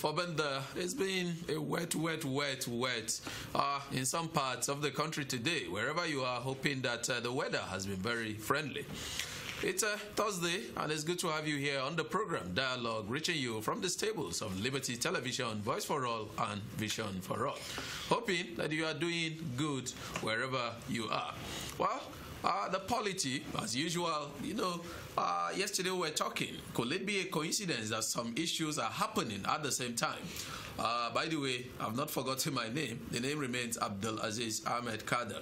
Fabenda, it's been a wet, wet, wet, wet uh, in some parts of the country today, wherever you are, hoping that uh, the weather has been very friendly. It's a Thursday, and it's good to have you here on the program Dialogue, reaching you from the stables of Liberty Television, Voice for All, and Vision for All. Hoping that you are doing good wherever you are. Well, uh, the polity, as usual, you know, uh, yesterday we were talking. Could it be a coincidence that some issues are happening at the same time? Uh, by the way, I've not forgotten my name. The name remains Abdul Aziz Ahmed Kader.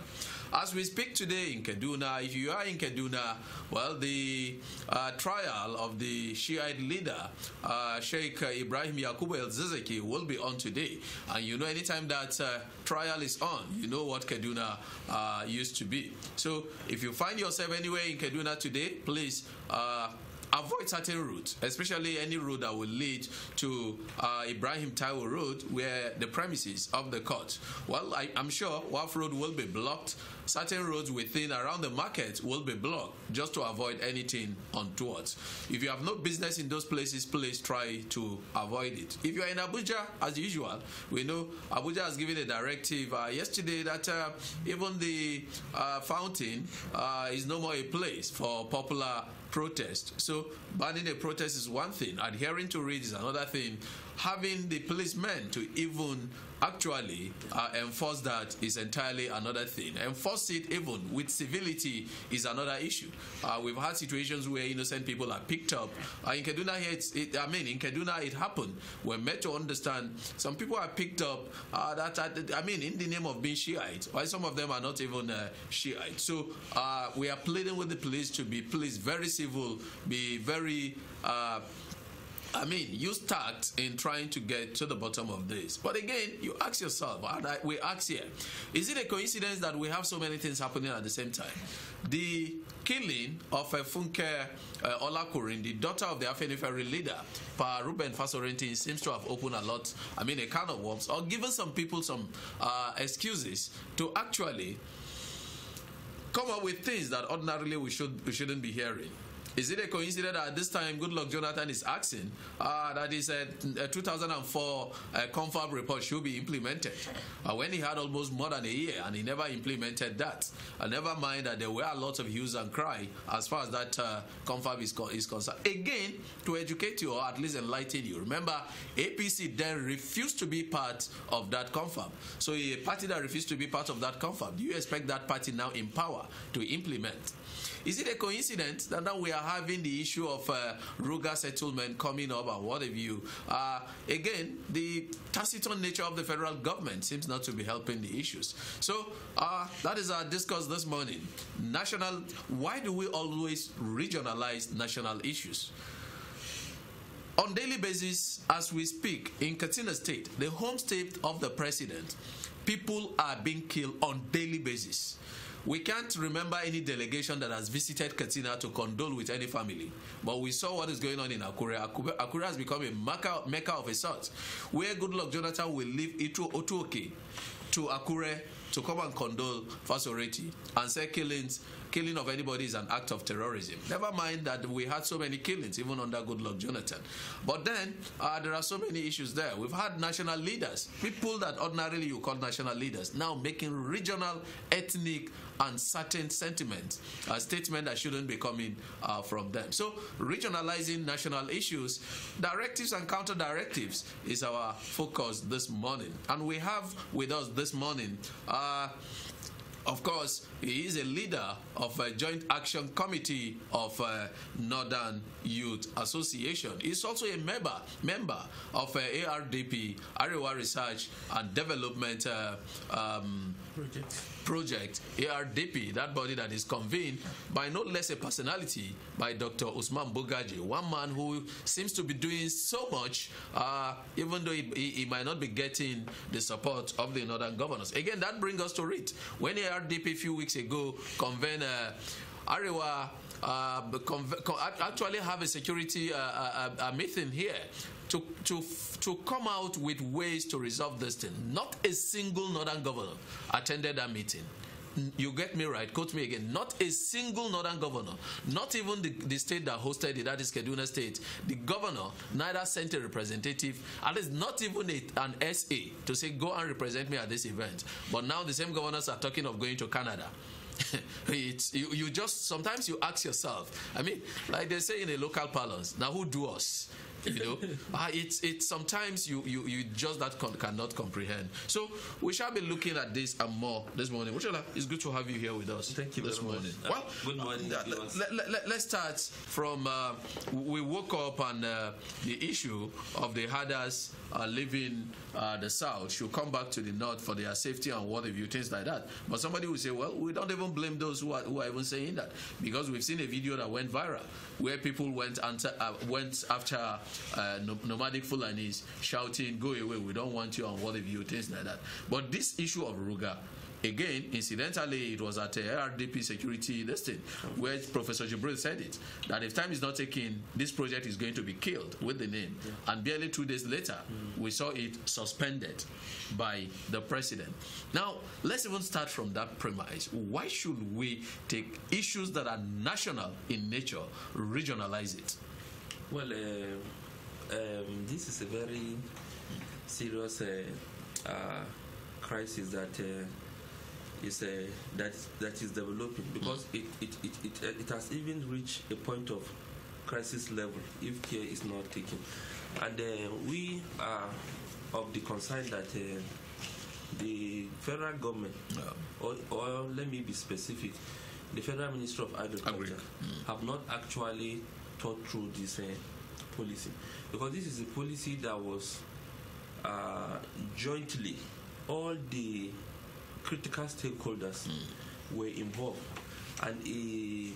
As we speak today in Kaduna, if you are in Kaduna, well, the uh, trial of the Shiite leader, uh, Sheikh Ibrahim Yakubu El Zizeki, will be on today. And you know, anytime that uh, trial is on, you know what Kaduna uh, used to be. So if you find yourself anywhere in Kaduna today, please uh, certain routes, especially any road that will lead to uh, Ibrahim Taiwo Road, where the premises of the court. Well, I, am sure Wharf Road will be blocked. Certain roads within around the market will be blocked just to avoid anything untoward. If you have no business in those places, please try to avoid it. If you are in Abuja, as usual, we know Abuja has given a directive uh, yesterday that uh, even the uh, fountain uh, is no more a place for popular protest. So banning a protest is one thing, adhering to it is another thing, having the policemen to even actually uh, enforce that is entirely another thing. Enforce it even with civility is another issue. Uh, we've had situations where innocent people are picked up. Uh, in Kaduna, it, I mean, in Kaduna, it happened. We're made to understand some people are picked up uh, that, I mean, in the name of being Shiite. Why some of them are not even uh, Shiite. So uh, we are pleading with the police to be police very civil, be very. I mean, you start in trying to get to the bottom of this. But again, you ask yourself, and I, we ask here, is it a coincidence that we have so many things happening at the same time? The killing of uh, Funke uh, Olakurin, the daughter of the Afenifere leader, Pa Ruben Fasorentin, seems to have opened a lot, I mean, a can of worms, or given some people some uh, excuses to actually come up with things that ordinarily we should we shouldn't be hearing. Is it a coincidence that at this time Goodluck Jonathan is asking uh, that is a, a 2004 uh, uh, uh confab report should be implemented uh, when he had almost more than a year and he never implemented that? Uh, never mind that there were a lot of hues and cry as far as that uh, confab is, co is concerned. Again, to educate you or at least enlighten you. Remember, APC then refused to be part of that confab. So a party that refused to be part of that confab, do you expect that party now in power to implement? Is it a coincidence that now we are having the issue of uh, Ruga settlement coming up and what have you? Uh, again, the taciturn nature of the federal government seems not to be helping the issues. So uh, that is our discourse this morning. National, why do we always regionalize national issues? On daily basis, as we speak, in Katsina State, the home state of the president, people are being killed on daily basis. We can't remember any delegation that has visited Katsina to condole with any family, but we saw what is going on in Akure. Akure, Akure has become a mecca, of a sort, where Goodluck Jonathan will leave Itu Otuoke to Akure to come and condole for Soreti and say killings killing of anybody is an act of terrorism. Never mind that we had so many killings, even under Goodluck Jonathan. But then uh, there are so many issues there. We've had national leaders, people that ordinarily you call national leaders, now making regional, ethnic, and certain sentiments, a uh, statement that shouldn't be coming uh, from them. So regionalizing national issues, directives and counter directives is our focus this morning. And we have with us this morning. Uh, of course, he is a leader of a joint action committee of uh, Northern Youth Association. He's also a member member of uh, ARDP, Arewa Research and Development uh, um, project. project ARDP, that body that is convened by no less a personality by Dr. Usman Bugaji, one man who seems to be doing so much, uh, even though he, he, he, might not be getting the support of the northern governors. Again, that brings us to REIT. When ARDP a few weeks ago convened uh, Arewa uh, actually have a security uh, uh, uh meeting here to, to, to come out with ways to resolve this thing. Not a single northern governor attended that meeting. You get me right, quote me again. Not a single northern governor, not even the, the state that hosted it, that is Kaduna State. The governor neither sent a representative, at least not even a, an SA, to say, go and represent me at this event. But now the same governors are talking of going to Canada. it's you, you just sometimes you ask yourself i mean like they say in a local parlance now who do us you know uh, it's it's sometimes you you you just that con- cannot comprehend so we shall be looking at this and more this morning Uchala, it's good to have you here with us thank you this morning much. well good morning uh, let, us let, let, start from uh, we woke up and uh, the issue of the herders uh, leaving uh, the south should come back to the north for their safety and what have you things like that but somebody will say well we don't even blame those who are, who are even saying that because we've seen a video that went viral where people went anta- uh, went after uh, nomadic Fulanis, shouting, "Go away! We don't want you on what if you things like that." But this issue of Ruga Again, incidentally, it was at uh, the RDP security listing where Professor Jibril said it that if time is not taken, this project is going to be killed with the name. Yeah. And barely two days later, mm. we saw it suspended by the president. Now, let's even start from that premise. Why should we take issues that are national in nature, regionalize it? Well, uh, um, this is a very serious uh, uh, crisis that uh, is uh, that that is developing because it, it, it, it, uh, it has even reached a point of crisis level if care is not taken. And uh, we are of the concern that uh, the federal government, or, or, let me be specific, the federal minister of agriculture mm. have not actually thought through this uh, policy because this is a policy that was uh, jointly all the critical stakeholders mm. were involved and a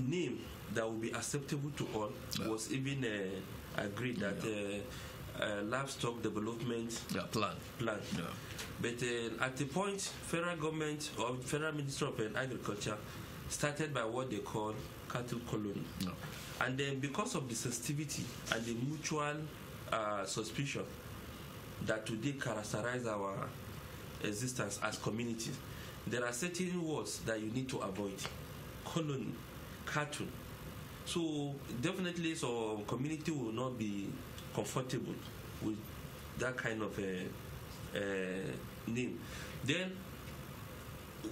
name that would be acceptable to all yeah. was even uh, agreed that yeah. uh, uh, livestock development yeah, plan. plan. But uh, at the point, federal government or federal minister of agriculture started by what they call cattle colony. And then because of the sensitivity and the mutual uh, suspicion that today characterize our existence as communities, there are certain words that you need to avoid. Colony, cartoon. So definitely, so community will not be comfortable with that kind of a, uh, a uh, name. Then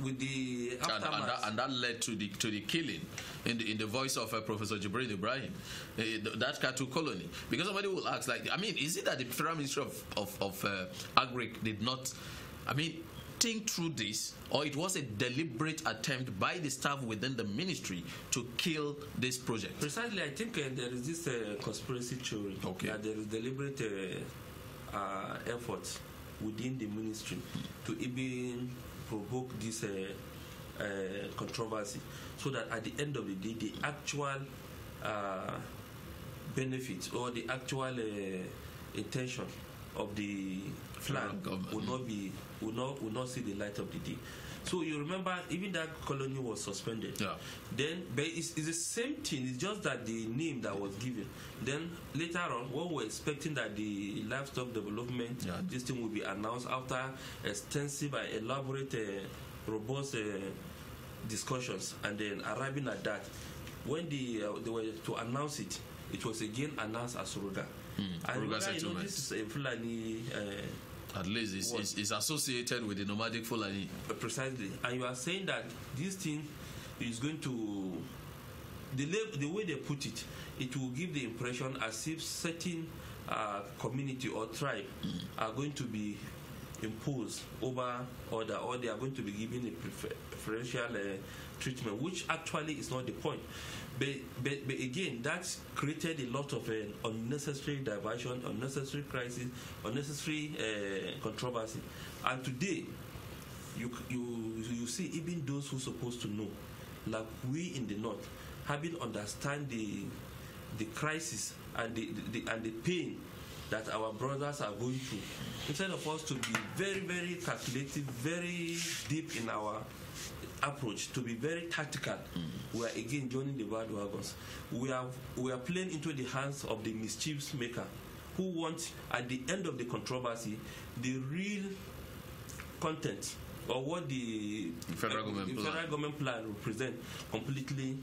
with the and, and, that, and, that, led to the to the killing in the, in the voice of uh, Professor Jibril Ibrahim, uh, that cattle colony. Because somebody will ask, like, I mean, is it that the Federal Ministry of of, of uh, did not I mean, think through this, or it was a deliberate attempt by the staff within the ministry to kill this project? Precisely, I think uh, there is this uh, conspiracy theory okay. that there is deliberate uh, uh effort within the ministry to even provoke this uh, uh, controversy, so that at the end of the day, the actual benefits or the actual intention of the flag will not be would not would not see the light of the day. So you remember, even that colony was suspended. Yeah. Then, but it's, it's, the same thing. It's just that the name that was given. Then later on, what we're expecting that the livestock development yeah. this thing will be announced after extensive and elaborate, uh, robust uh, discussions, and then arriving at that. When the, uh, they were to announce it, it was again announced as Ruda. Mm. this is Fulani. Uh, At least it's, it's, it's, associated with the nomadic Fulani. Eh, precisely. And you are saying that this thing is going to. The, the way they put it, it will give the impression as if certain uh, community or tribe mm. are going to be imposed over other, or they are going to be given a preferential uh, treatment, which actually is not the point. But, but, but again, that's created a lot of uh, unnecessary diversion, unnecessary crisis, unnecessary uh, controversy. And today, you, you, you see even those who supposed to know, like we in the North, having understand the, the crisis and the, the, the and the pain that our brothers are going through, instead of us to be very, very calculative, very deep in our approach to be very tactical. Mm. We are again joining the bandwagons. We are we are playing into the hands of the mischief maker, who wants at the end of the controversy the real content or what the federal, uh, government, federal plan. government plan represent completely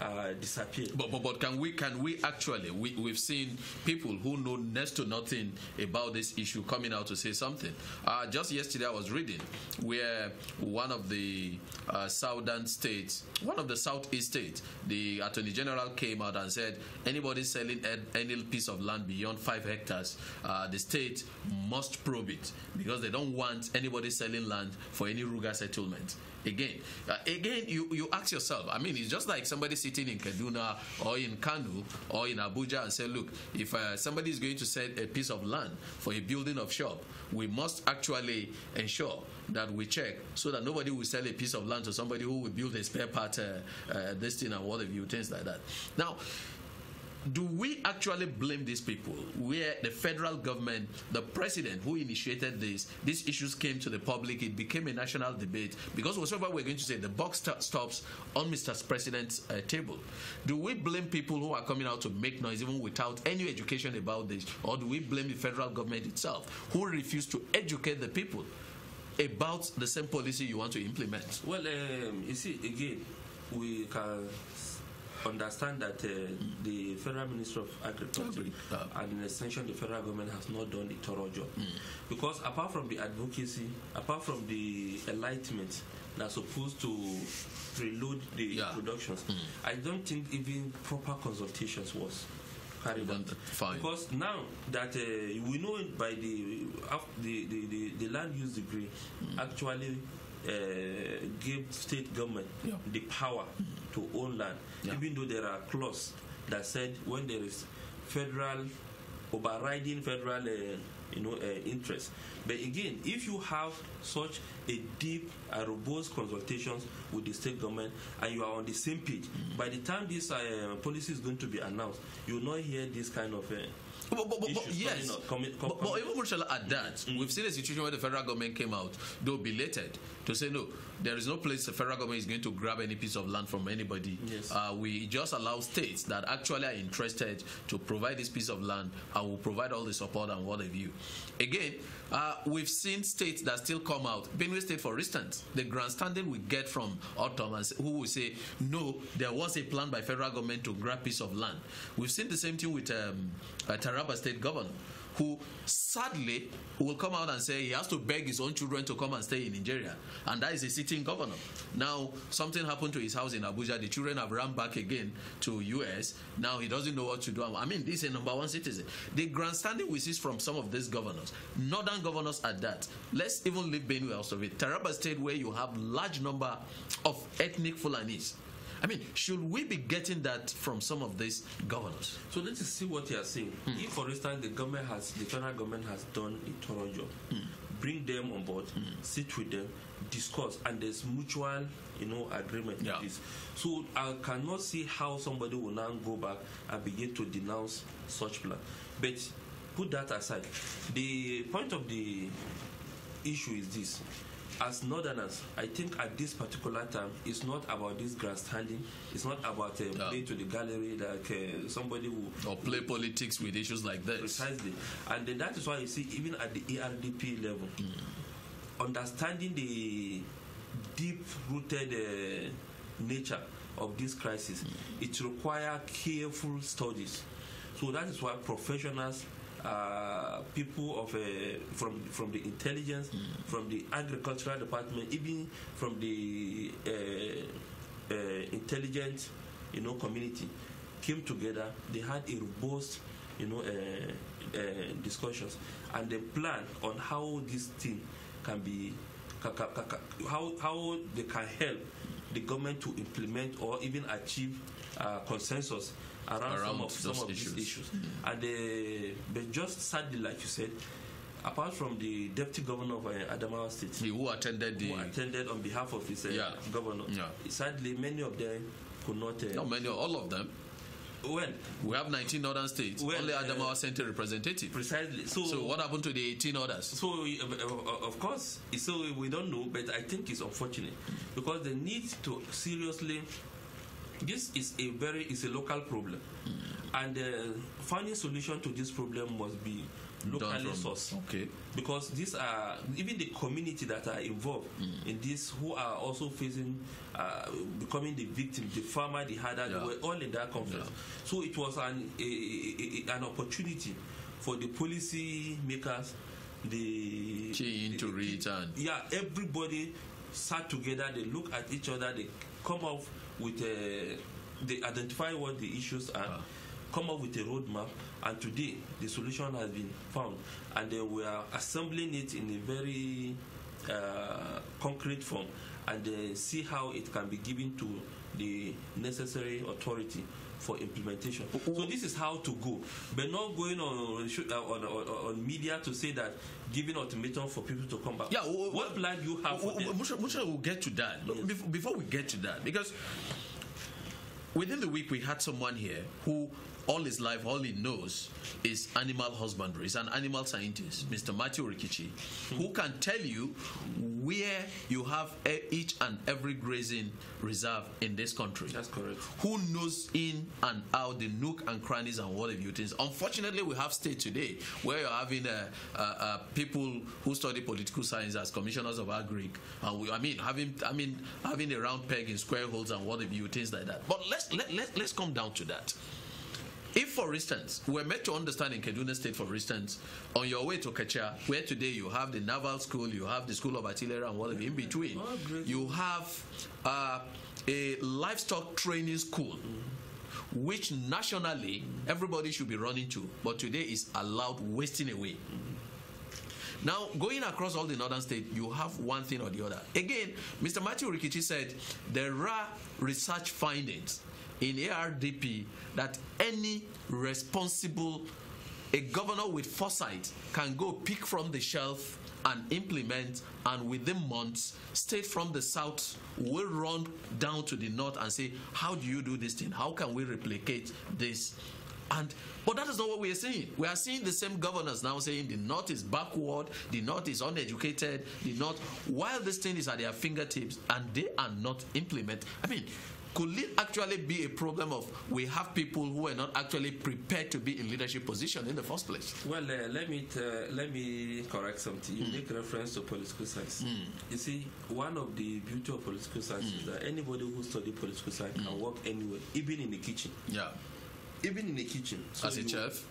uh, disappear. But, but, but can we can we actually we we've seen people who know next to nothing about this issue coming out to say something. Uh, just yesterday I was reading where one of the uh, southern states, one of the southeast states, the attorney general came out and said anybody selling any piece of land beyond five hectares, uh, the state must probe it because they don't want anybody selling land for any ruga settlement again uh, again you, you ask yourself i mean it's just like somebody sitting in kaduna or in kanu or in abuja and say look if uh, somebody is going to sell a piece of land for a building of shop we must actually ensure that we check so that nobody will sell a piece of land to somebody who will build a spare part uh, uh, this thing and what have you things like that now do we actually blame these people where the federal government, the president who initiated this, these issues came to the public, it became a national debate because whatever we're going to say, the box stops on Mr. President's uh, table. Do we blame people who are coming out to make noise even without any education about this, or do we blame the federal government itself who refused to educate the people? About the same policy you want to implement? Well, um, you see, again, we can understand that uh, the Federal Minister of Agriculture and uh, in extension the federal government has not done a thorough job. Mm. Because apart from the advocacy, apart from the enlightenment that's supposed to prelude the yeah. productions, mm. I don't think even proper consultations was carried out. Because now that uh, we know by the, uh, the, the, the, the, land use degree mm. actually uh, gave state government yeah. the power mm to own land, yeah. even though there are clauses that said when there is federal overriding federal uh, you know uh, interest but again if you have such a deep and robust consultations with the state government and you are on the same page mm. by the time this uh, policy is going to be announced you will not hear this kind of uh, but, but, but, but yes, coming, but, even Marshall, at that, mm. we've seen a situation where the federal government came out, though belated, to say no, there is no place the federal government is going to grab any piece of land from anybody. Yes. Uh, we just allow states that actually are interested to provide this piece of land and will provide all the support and what have you. Again, uh, we've seen states that still come out. Benue State, for instance, the grandstanding we get from Ottomans who will say, no, there was a plan by federal government to grab piece of land. We've seen the same thing with um, uh, Taraba State governor who sadly will come out and say he has to beg his own children to come and stay in Nigeria. And that is a sitting governor. Now, something happened to his house in Abuja. The children have run back again to US. Now he doesn't know what to do. I mean, this is a number one citizen. The grandstanding we see from some of these governors, northern governors at that. Let's even leave Benue out of it. Taraba State, where you have large number of ethnic Fulanis I mean, should we be getting that from some of these governors? So let's see what you are saying. Mm. If, for instance, the government has, the federal government has done a thorough job, mm. bring them on board, mm. sit with them, discuss, and there's mutual, you know, agreement. Yeah. So I cannot see how somebody will now go back and begin to denounce such plan. But put that aside. The point of the issue is this as northerners, I think at this particular time, it's not about this grandstanding. It's not about uh, yeah. play to the gallery like uh, somebody who or play politics with issues like this. Precisely, and uh, that is why you see even at the ERDP level, mm. understanding the deep-rooted uh, nature of this crisis, mm. it requires careful studies. So that is why professionals uh, people of uh, from from the intelligence, mm. from the agricultural department, even from the uh, uh intelligence, you know, community, came together. They had a robust, you know, uh, discussions and they plan on how this thing can be, how how they can help the government to implement or even achieve uh, consensus around, around, some of, some of issues. these issues. Mm. And they, but just sadly, like you said, apart from the deputy governor of uh, Adamawa State, who attended the who attended on behalf of his uh, yeah. governor, yeah. sadly many of them could not. Uh, no, many, all of them well, we have 19 northern states. Well, Only Adamawa uh, sent a representative. Precisely. So, so what happened to the 18 others? So uh, uh, of course, so we don't know, but I think it's unfortunate because they need to seriously. This is a very is a local problem, mm. and the final solution to this problem must be locally sourced. Okay. Because these are even the community that are involved mm. in this who are also facing uh, becoming the victim, the farmer, the hatter, yeah. they were all in that conference. Yeah. So it was an a, a, an opportunity for the policy makers, the key into return. yeah, everybody sat together. They look at each other. They come up with a, uh, they identify what the issues are come up with a roadmap, and today the solution has been found. And then we are assembling it in a very uh, concrete form and then see how it can be given to the necessary authority for implementation. So this is how to go, but not going on on, on, on media to say that giving ultimatum for people to come back. Yeah, well, what plan do you have? Well, well, Musha, Musha will get to that. Yes. Before we get to that, because within the week we had someone here who all his life, all he knows is animal husbandry. He's an animal scientist, Mr. Matthew Rikichi, who can tell you where you have each and every grazing reserve in this country. That's correct. Who knows in and out the nook and crannies and what have you things. Unfortunately, we have state today where you're having uh, uh, uh, people who study political science as commissioners of agri. I mean, having I mean having a round peg in square holes and what have you things like that. But let's let, let, let's come down to that. If, for instance, we're meant to understand in Kaduna State, for instance, on your way to Kacha, where today you have the Naval School, you have the School of Artillery and whatever in between, oh, you have uh, a livestock training school, which nationally everybody should be running to, but today is allowed wasting away. Now, going across all the northern states, you have one thing or the other. Again, Mr. Matthew Rikichi said there are research findings in ARDP that any responsible a governor with foresight can go pick from the shelf and implement and within months state from the south will run down to the north and say how do you do this thing how can we replicate this and but that is not what we are seeing we are seeing the same governors now saying the north is backward the north is uneducated the north while this thing is at their fingertips and they are not implement i mean could it actually be a problem of we have people who are not actually prepared to be in leadership position in the first place. Well, uh, let me uh, let me correct something. You mm. make reference to political science. Mm. You see, one of the beauty of political science mm. is that anybody who study political science can hmm. work anywhere, even in the kitchen. Yeah. Even in the kitchen. So As a chef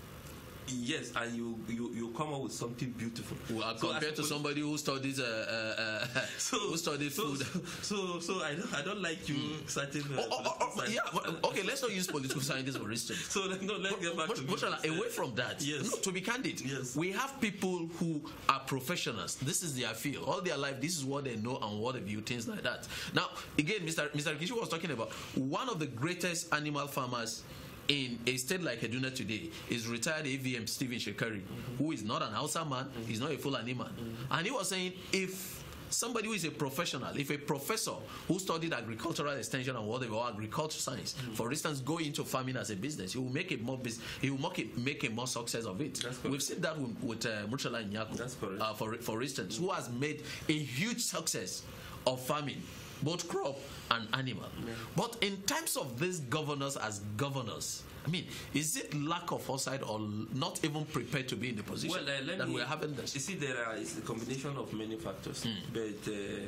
yes, and you you you come up with something beautiful. Well, uh, so compared to somebody who studies uh, uh, uh so, who studies so, food. So, so I don't I don't like you mm. certain. Uh, oh, oh, oh, oh yeah, okay. Let's not use political scientists for instance. So no, let's but, get back but, to but, away from that. Yes. No, to be candid, yes. we have people who are professionals. This is their field. All their life, this is what they know and what they view things like that. Now, again, Mr. Mr. Kishu was talking about one of the greatest animal farmers in a state like Kaduna today is retired AVM Stephen Shekari, mm-hmm. who is not an Hausa man, mm-hmm. he's not a Fulani man. Mm-hmm. And he was saying if somebody who is a professional, if a professor who studied agricultural extension and whatever or agriculture science, mm-hmm. for instance, go into farming as a business, he will make it more he will make it make a more success of it. We've seen that with, with uh, Nyako, uh, for for instance, who has made a huge success of farming both crop and animal. Yeah. But in terms of these governors as governors, I mean, is it lack of foresight or not even prepared to be in the position well, uh, that we're having this? You see, there is a combination of many factors, mm. but uh,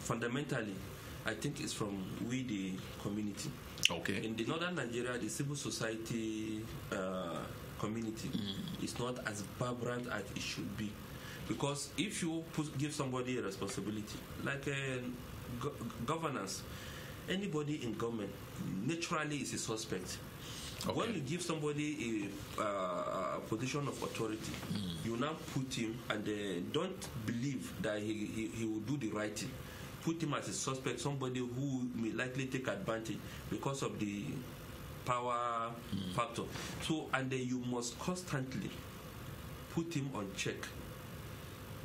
fundamentally, I think it's from we the community. Okay. In the northern Nigeria, the civil society uh, community mm. is not as vibrant as it should be because if you give somebody a responsibility, like a uh, go governance, anybody in government naturally is a suspect. Okay. When you give somebody a, uh, a position of authority, mm. you now put him and uh, don't believe that he, he, he will do the right thing. Put him as a suspect, somebody who may likely take advantage because of the power mm. factor. So, and then you must constantly put him on check.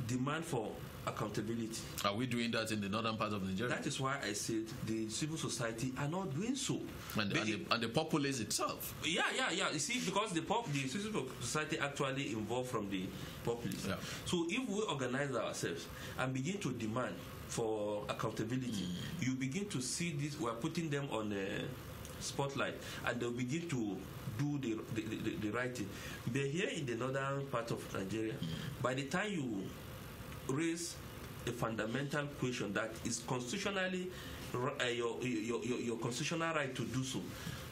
Demand for accountability. Are we doing that in the northern part of Nigeria? That is why I said the civil society are not doing so. And, and, the, and the, populace itself. Yeah, yeah, yeah. You see, because the pop, the civil society actually involved from the populace. Yeah. So if we organize ourselves and begin to demand for accountability, mm. you begin to see this. We are putting them on the spotlight, and they'll begin to do the the, the, the writing. are here in the northern part of Nigeria, mm. by the time you raise a fundamental question that is constitutionally uh, your, your, your, your, constitutional right to do so.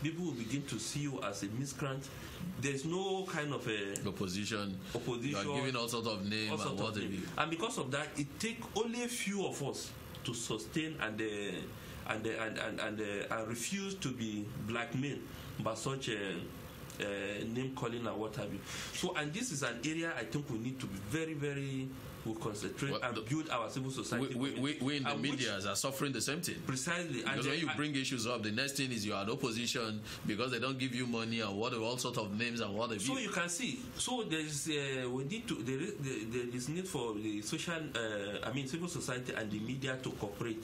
People will begin to see you as a miscreant. There's no kind of a eh, opposition. Opposition. You are giving all sorts of names sort and, name. and because of that, it takes only a few of us to sustain and uh, and, uh, and and and, and refuse to be blackmailed by such a. name calling and what have you. So, and this is an area I think we need to be very, very concentrate well, and the, build our civil society. We, we, we in the media are suffering the same thing. Precisely. Because when you bring issues up, the next thing is you are at opposition because they don't give you money and what all sorts of names and what. So you can see. So there is uh, we need to there is, there is need for the social uh, I mean civil society and the media to cooperate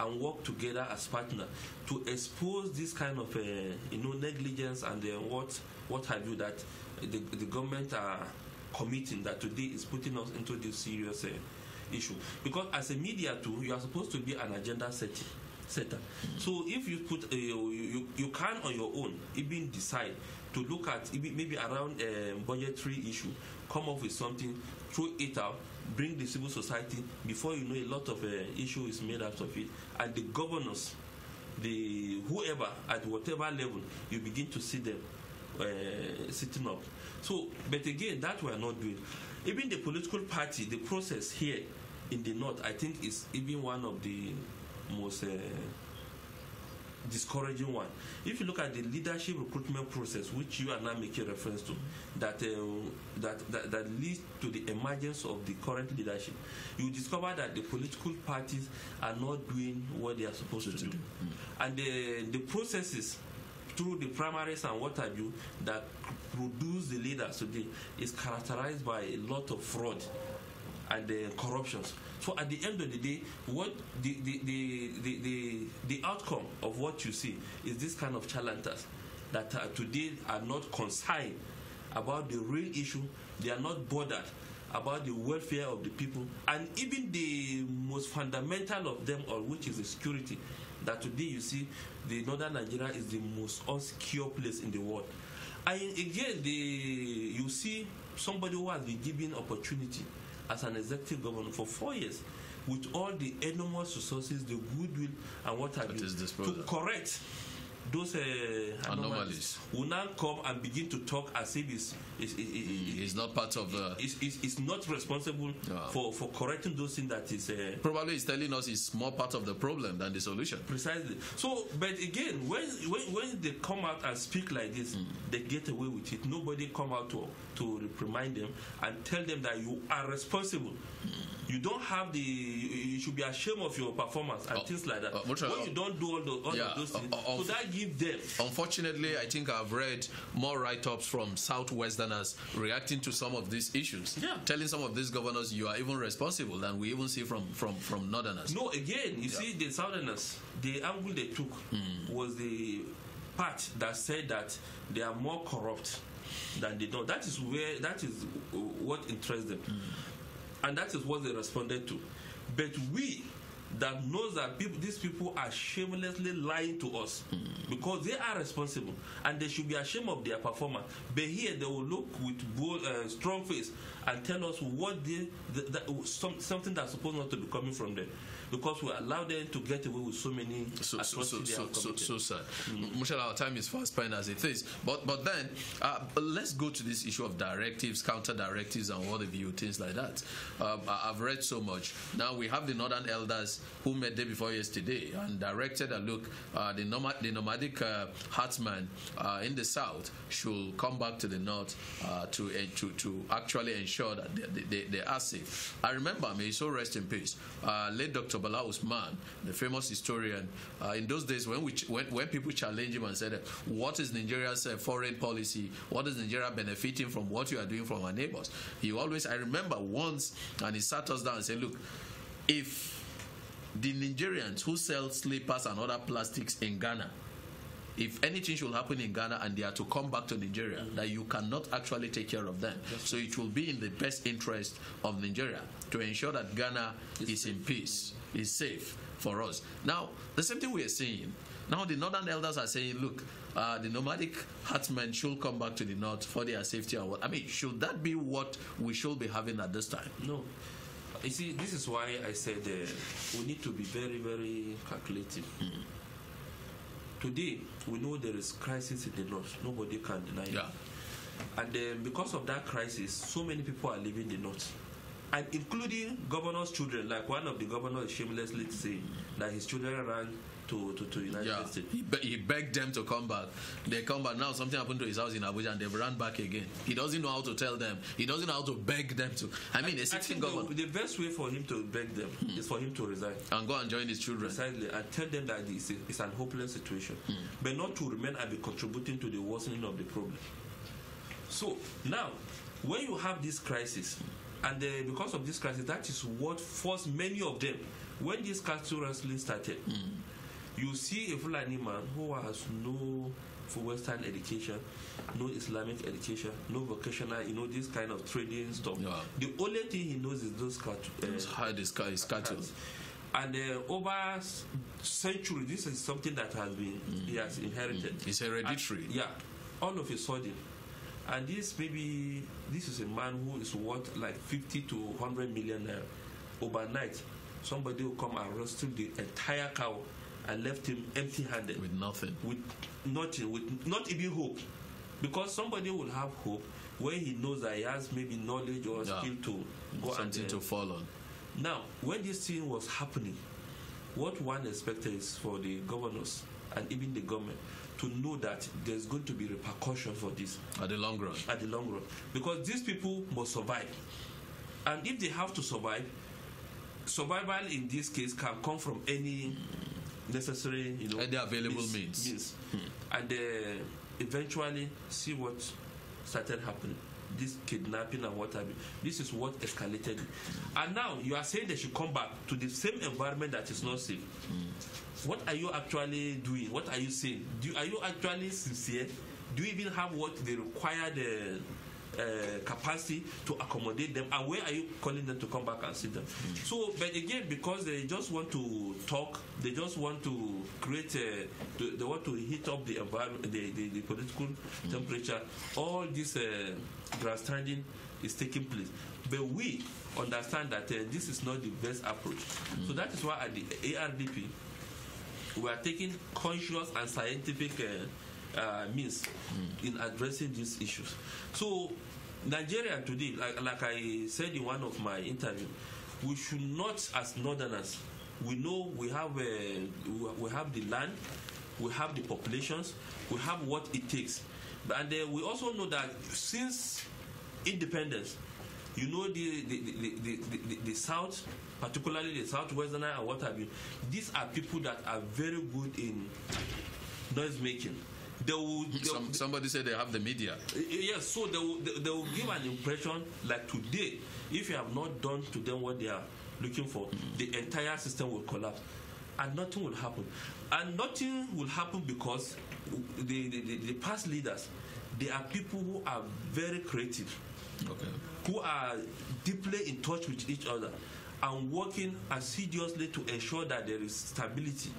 and work together as partner to expose this kind of uh, you know negligence and uh, what what have you that the, the government are committing that today is putting us into this serious uh, issue. Because as a media too, you are supposed to be an agenda Setter. So if you put uh, you, you can on your own even decide to look at maybe around a um, budgetary issue, come up with something, throw it out, bring the civil society. Before you know, a lot of uh, issue is made out of it, and the governors, the whoever at whatever level, you begin to see them uh, sitting up. So, but again, that we are not doing. Even the political party, the process here in the north, I think is even one of the most uh, discouraging one. If you look at the leadership recruitment process, which you are now making reference to, that, um, that, that, that leads to the emergence of the current leadership, you discover that the political parties are not doing what they are supposed to, do. Mm And the, the processes through the primaries and what have you that produce the leaders today is characterized by a lot of fraud and uh, corruptions. So at the end of the day, what the, the, the, the, the, the outcome of what you see is this kind of challengers that uh, today are not concerned about the real issue. They are not bothered about the welfare of the people and even the most fundamental of them all, which is the security that today you see the northern Nigeria is the most obscure place in the world. And again, the, you see somebody who has been given opportunity as an executive governor for four years with all the enormous resources, the goodwill, and what have you to correct those uh, anomalies, will now come and begin to talk as if it's, it's, it's, it's not part of the. It's, it's, not responsible yeah. for, for correcting those things that is. Uh, Probably it's telling us it's more part of the problem than the solution. Precisely. So, but again, when, when, when they come out and speak like this, mm. they get away with it. Nobody come out to, to reprimand them and tell them that you are responsible. Mm you don't have the you should be ashamed of your performance and oh, things like that uh, when uh, you don't do all, the, all yeah, of those uh, things uh, so that give them unfortunately i think i've read more write-ups from southwesterners reacting to some of these issues yeah. telling some of these governors you are even responsible than we even see from from from northerners no again you yeah. see the southerners the angle they took mm. was the part that said that they are more corrupt than they know. That is where that is what interests them. Mm. And that is what they responded to. But we, that knows that people, these people are shamelessly lying to us mm. because they are responsible and they should be ashamed of their performance. But here they will look with bold, uh, strong face and tell us what they, the, that, some, something that's supposed not to be coming from them because we allow them to get away with so many so so so so, so, so sad. Mm. Michelle, our time is fast spent as it is. But but then uh, let's go to this issue of directives, counter directives, and what have you, things like that. Um, I've read so much. Now we have the Northern Elders who met day before yesterday and directed a look uh, the, nomad, the nomadic uh, herdsman uh, in the south should come back to the north uh, to, eh, to, to actually ensure that they, they, they, are safe. I remember, may so rest in peace, uh, late Dr. Bala Usman, the famous historian, uh, in those days when, we when, when people challenged him and said, what is Nigeria's foreign policy? What is Nigeria benefiting from what you are doing from our neighbors? He always, I remember once, and he sat us down and said, look, if the Nigerians who sell slippers and other plastics in Ghana, if anything should happen in Ghana and they are to come back to Nigeria, mm -hmm. that you cannot actually take care of them. so it will be in the best interest of Nigeria to ensure that Ghana it's is safe. in peace, is safe for us. Now, the same thing we are seeing. Now, the northern elders are saying, look, uh, the nomadic herdsmen should come back to the north for their safety and what. I mean, should that be what we should be having at this time? No. You see, this is why I said uh, we need to be very, very calculative. Mm. Today, we know there is crisis in the north. Nobody can deny yeah. it. And uh, because of that crisis, so many people are leaving the north. And including governor's children, like one of the governors shamelessly saying that his children ran to, to, to United yeah. States. He, be- he begged them to come back. They come back. Now something happened to his house in Abuja and they've run back again. He doesn't know how to tell them. He doesn't know how to beg them to. I mean, a sitting government. The, the, best way for him to beg them mm. is for him to resign. And go and join his children. Precisely. And tell them that it's, a, it's an hopeless situation. Mm. But not to remain and be contributing to the worsening of the problem. So now, when you have this crisis, and uh, because of this crisis, that is what forced many of them when this castle wrestling started. Mm. You see a Fulani man who has no Western education, no Islamic education, no vocational, you know, this kind of trading stuff. Yeah. The only thing he knows is those uh, cattle. Uh, it's hard, it's cattle. And uh, over centuries, this is something that has been mm. he has inherited. Mm. It's hereditary. And, yeah, all of a sudden, and this maybe this is a man who is worth like 50 to 100 million naira overnight somebody will come and rustle the entire cow I left him empty-handed with nothing. With nothing. With not even hope, because somebody will have hope when he knows that he has maybe knowledge or yeah. skill to go something and, uh, to follow. Now, when this thing was happening, what one expected is for the governors and even the government to know that there's going to be repercussion for this at the long run. At the long run, because these people must survive, and if they have to survive, survival in this case can come from any necessary, you know, and the available means. means. means. Hmm. And uh, eventually see what started happening. This kidnapping and what have you. This is what escalated. And now you are saying they should come back to the same environment that is not safe. Hmm. What are you actually doing? What are you saying? Do, are you actually sincere? Do you even have what they require the uh, capacity to accommodate them and where are you calling them to come back and sit them mm. so but again because they just want to talk they just want to create a, uh, they want to heat up the environment the, the, the political mm. temperature all this uh, grandstanding is taking place but we understand that uh, this is not the best approach mm. so hmm. that is why at the ARDP we are taking conscious and scientific uh, uh, means mm. in addressing these issues. So, Nigeria today, like, like I said in one of my interviews, we should not, as northerners, we know we have uh, we have the land, we have the populations, we have what it takes, and uh, we also know that since independence, you know the the, the, the, the south, particularly the southwestern and what have you. These are people that are very good in noise making they will. They Some, somebody said they have the media. Eh, yes, so they will, they, they will give an impression like today, if you have not done to them what they are looking for, mm. the entire system will collapse and nothing will happen. And nothing will happen because the, the, the past leaders, they are people who are very creative, okay. who are deeply in touch with each other and working assiduously to ensure that there is stability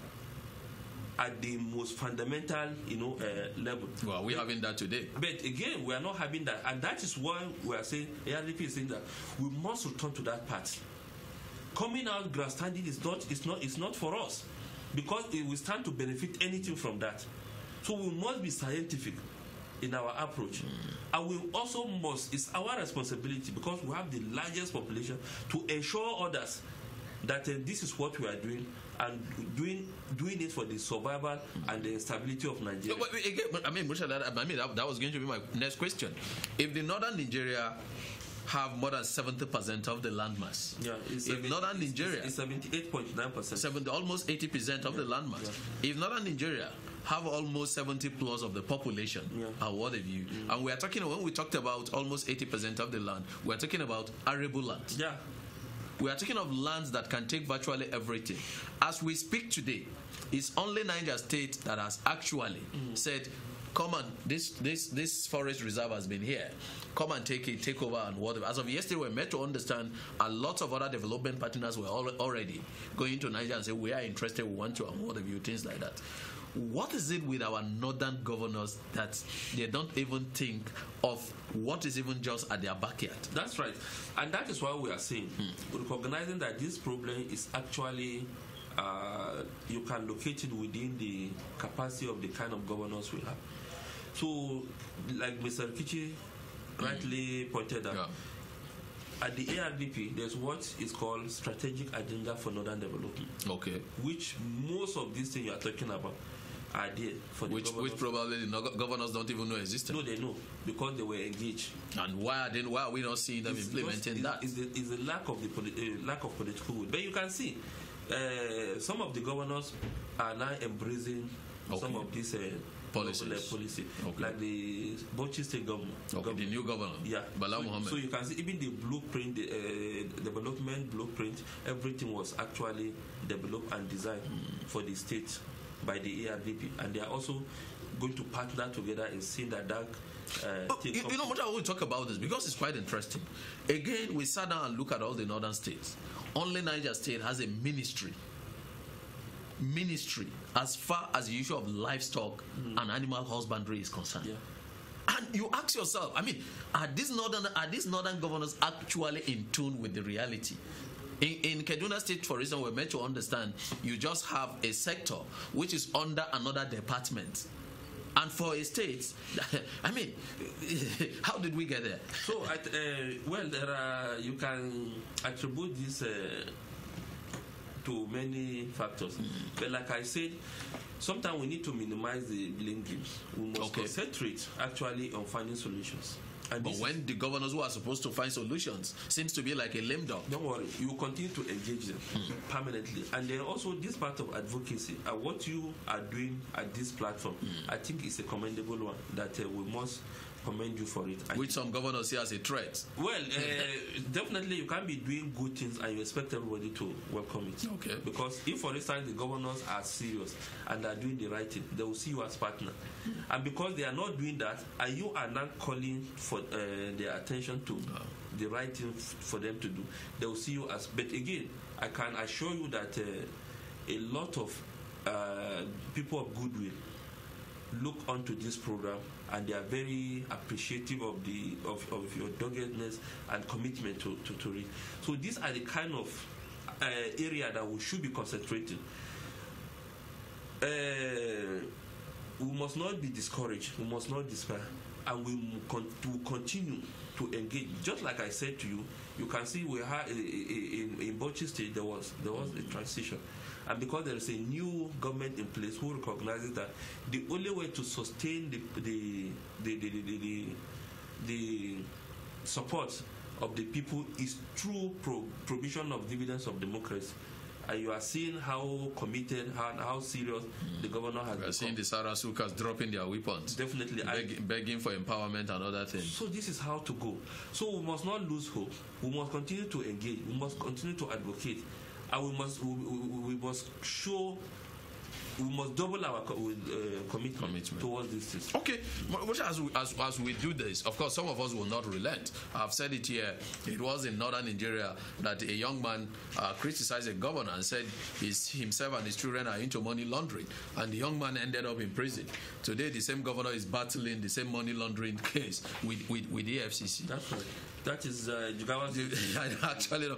at the most fundamental, you know, uh, level. Well, we're having that today. But again, we are not having that, and that is why we are saying ARDP is saying that we must return to that path. Coming out grandstanding is not, it's not, it's not for us, because it will stand to benefit anything from that. So we must be scientific in our approach. Mm. And we also must, it's our responsibility because we have the largest population to ensure others that uh, this is what we are doing and doing doing it for the survival and the stability of Nigeria. But, but again, I mean, Musa, that, I mean that, that was going to be my next question. If the northern Nigeria have more than 70% of the landmass. Yeah, it's if 70, northern Nigeria, it's, 78.9%. 70, almost 80% of yeah, the landmass. Yeah. If northern Nigeria have almost 70 plus of the population, yeah. and what have you, mm. and we are talking, when we talked about almost 80% of the land, we are talking about arable land. Yeah. We are talking of lands that can take virtually everything. As we speak today, it's only Niger State that has actually mm. said, "Come on, this this this forest reserve has been here. Come and take it, take over and whatever." As of yesterday, we met made to understand a lot of other development partners were already going to Niger and say, "We are interested. We want to and whatever you things like that." what is it with our northern governors that they don't even think of what is even just at their backyard? That's right. And that is why we are saying, hmm. recognizing that this problem is actually uh, you can locate it within the capacity of the kind of governors we have. So, like Mr. Kichi rightly mm. pointed out, yeah. at the ARDP, there's what is called Strategic Agenda for Northern Development. Okay. Which most of these things you are talking about I did for which which probably the governors don't even know existed. No, they know because they were engaged. And why then why are we not seeing them it's implementing that? Is the, the lack of the uh, lack of political will. But you can see uh, some of the governors are now embracing okay. some of these. Uh, policies. policy. Okay. Like the Bauchi State government. Okay, government. the new governor. Yeah. Bala so, So you can see even the blueprint, the uh, development blueprint, everything was actually developed and designed mm. for the state by the ARDP, and they are also going to partner together in seeing that that. Uh, oh, you, you, know what I will talk about this because it's quite interesting. Again, we sat down and look at all the northern states. Only Niger State has a ministry. Ministry as far as the issue of livestock mm. and animal husbandry is concerned. Yeah. And you ask yourself, I mean, are these northern are these northern governors actually in tune with the reality? In, in, Kaduna State, for reason we're made to understand, you just have a sector which is under another department. And for a state, I mean, how did we get there? So, at, uh, well, there are, you can attribute this uh, to many factors. Mm. But like I said, sometimes we need to minimize the blame games. We must okay. concentrate actually on finding solutions. And but when the governors who are supposed to find solutions seems to be like a lame duck. Don't worry, you continue to engage them mm. permanently. And then also this part of advocacy and what you are doing at this platform, mm. I think is a commendable one that uh, we must commend you for it. I Which some governors see as a threat. Well, uh, definitely you can't be doing good things and you expect everybody to welcome it. Okay. Because if, for instance, the governors are serious and are doing the right thing, they will see you as partner. And because they are not doing that, and you are not calling for uh, their attention to the right thing for them to do, they will see you as. But again, I can assure you that uh, a lot of uh, people of goodwill look onto this program and they are very appreciative of the of, of your doggedness and commitment to, to, to So these are the kind of uh, area that we should be concentrating. Uh, we must not be discouraged. We must not despair, and we to will continue to engage. Just like I said to you, you can see we had in, in, in Bochi State there was there was a transition and because there is a new government in place who recognizes that the only way to sustain the the the the, the, the, the support of the people is through pro provision of dividends of democracy and you are seeing how committed and how serious mm. the governor has. been. seeing the Sarasukas dropping their weapons, definitely beg, begging for empowerment and other things. So this is how to go. So we must not lose hope. We must continue to engage. We must continue to advocate and we must we, we, we must show we must double our co uh, commitment, commitment, towards this system. Okay, as we, as, as we do this, of course, some of us will not relent. I've said it here. It was in northern Nigeria that a young man uh, criticized a governor and said his, himself and his children are into money laundering, and the young man ended up in prison. Today, the same governor is battling the same money laundering case with, with, with the FCC. That's right. That is uh, actually, no.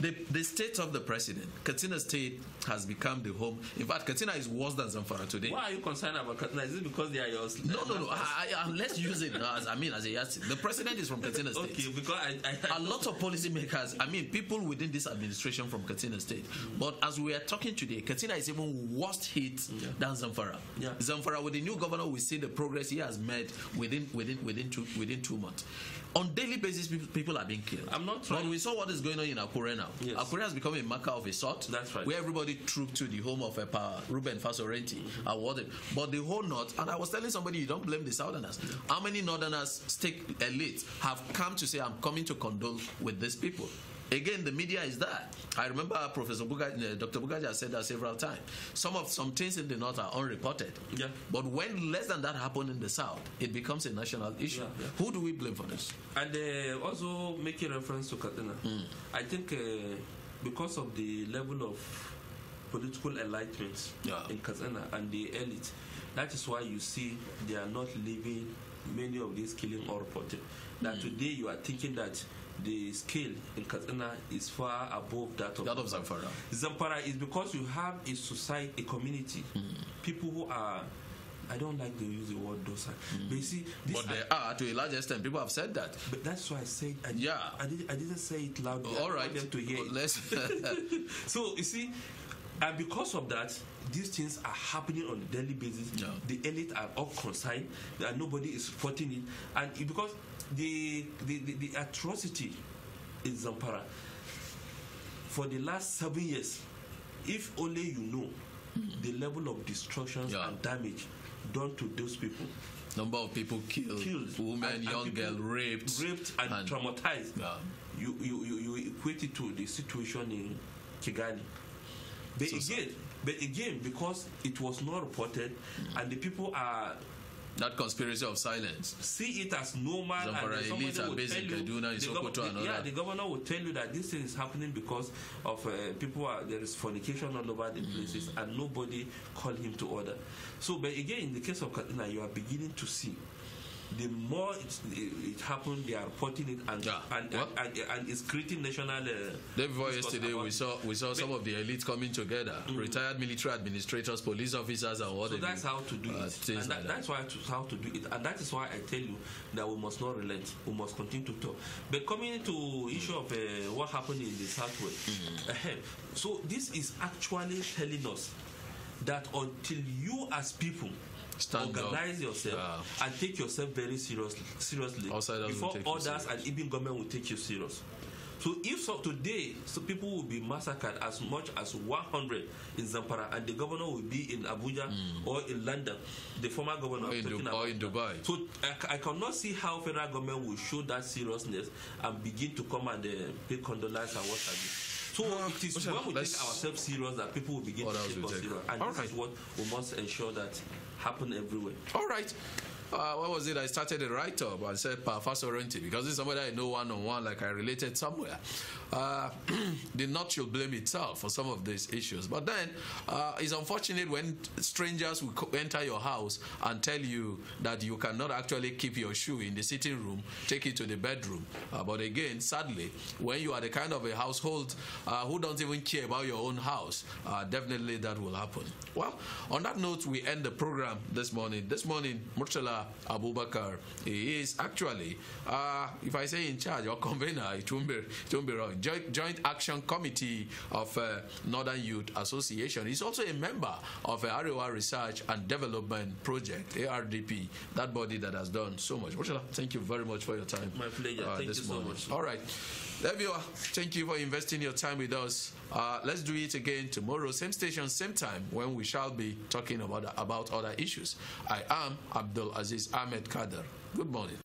The, the state of the president, Katina State has become the home. In fact, Katina is worse than Zamfara today. Why are you concerned about Katina? Is it because they are your. No, no, no. I, I, let's use it as, I mean, as a yes. The president is from Katina State. okay, because I, I, I. A lot of policymakers, I mean, people within this administration from Katina State. Mm. But as we are talking today, Katina is even worse hit yeah. than Zamfara. Yeah. Zamfara, with the new governor, we see the progress he has made within, within, within, two, within two months on daily basis, people are being killed. I'm not trying. we saw what is going on in Akure now. Yes. Akure has become a marker of a sort. That's right. Where everybody trooped to the home of uh, power. Ruben Fasorenti, mm-hmm. awarded. But the whole North, and I was telling somebody, you don't blame the Southerners. How many Northerners, state uh, elites, have come to say, I'm coming to condole with these people? Again, the media is that. I remember Professor uh, Dr. Bugaja said that several times. Some of some things in the north are unreported. Yeah. But when less than that happened in the south, it becomes a national issue. Yeah, yeah. Who do we blame for this? And uh, also making reference to Katina, mm. I think uh, because of the level of political enlightenment yeah. in Katina and the elite, that is why you see they are not leaving many of these killing or reported. That mm. today you are thinking that the scale in Katsina is far above that of, that of Zamfara. Zamfara is because you have a society, a community, mm. people who are. I don't like to use the word "dosa." mm. but you see, but there are, are to a large extent. People have said that. But that's why I said, I yeah, I, did, I didn't say it loudly. All right, them to hear. Well, let's so you see, and because of that, these things are happening on a daily basis. Yeah. The elite are all concerned, and nobody is supporting it. And because the, the, the, atrocity in Zampara for the last seven years, if only you know the level of destructions yeah. and damage done to those people. Number of people killed, killed women, and, and young girls raped, raped and, and traumatized. Yeah. You, you, you, you equate it to the situation in Kigali. But so again, sad. but again, because it was not reported, mm. and the people are that conspiracy of silence. See it as normal. and elites are based in Kaduna, and Yeah, the governor will tell you that this thing is happening because of uh, people are there is fornication all over the places, mm. and nobody called him to order. So, but again, in the case of Kaduna, you are beginning to see the more it, it, it happened, they are reporting it and yeah. and, and, and, and, it's creating national. Uh, Day before yesterday, we saw we saw some of the elites coming together, mm. retired military administrators, police officers, and what. So that's how to do uh, it, and that, like that's why to, how to do it, and that is why I tell you that we must not relent. We must continue to talk. But coming to issue of uh, what happened in the southwest, mm. Eh, so this is actually telling us that until you as people Stand organize up. yourself yeah. and take yourself very seriously. Seriously, Outsiders before others and even government will take you serious. So if so today so people will be massacred as much as 100 in Zampara and the governor will be in Abuja mm. or in London, the former governor or in, du- or in Dubai. So I, I, cannot see how federal government will show that seriousness and begin to come and uh, pay condolence and what have you. So uh, it is when we take ourselves serious that people will begin to take us serious. And All this right. is what we must ensure that happen everywhere. All right uh, what was it? I started a write up and said Parfa sovereignty because it's somebody I know one on one, like I related somewhere. Uh, the North should blame itself for some of these issues. But then uh, it's unfortunate when strangers will enter your house and tell you that you cannot actually keep your shoe in the sitting room, take it to the bedroom. Uh, but again, sadly, when you are the kind of a household uh, who don't even care about your own house, uh, definitely that will happen. Well, on that note, we end the program this morning. This morning, Murtala uh, is actually, uh, if I say in charge or convener, it won't be, it won't be wrong. Joint, Joint Action Committee of uh, Northern Youth Association. He's also a member of uh, Arewa Research and Development Project, ARDP, that body that has done so much. Thank you very much for your time. My pleasure. Uh, thank you morning. so much. All right. There Thank you for investing your time with us. Uh, let's do it again tomorrow, same station, same time, when we shall be talking about, about other issues. I am Abdul Aziz Ahmed Kader. Good morning.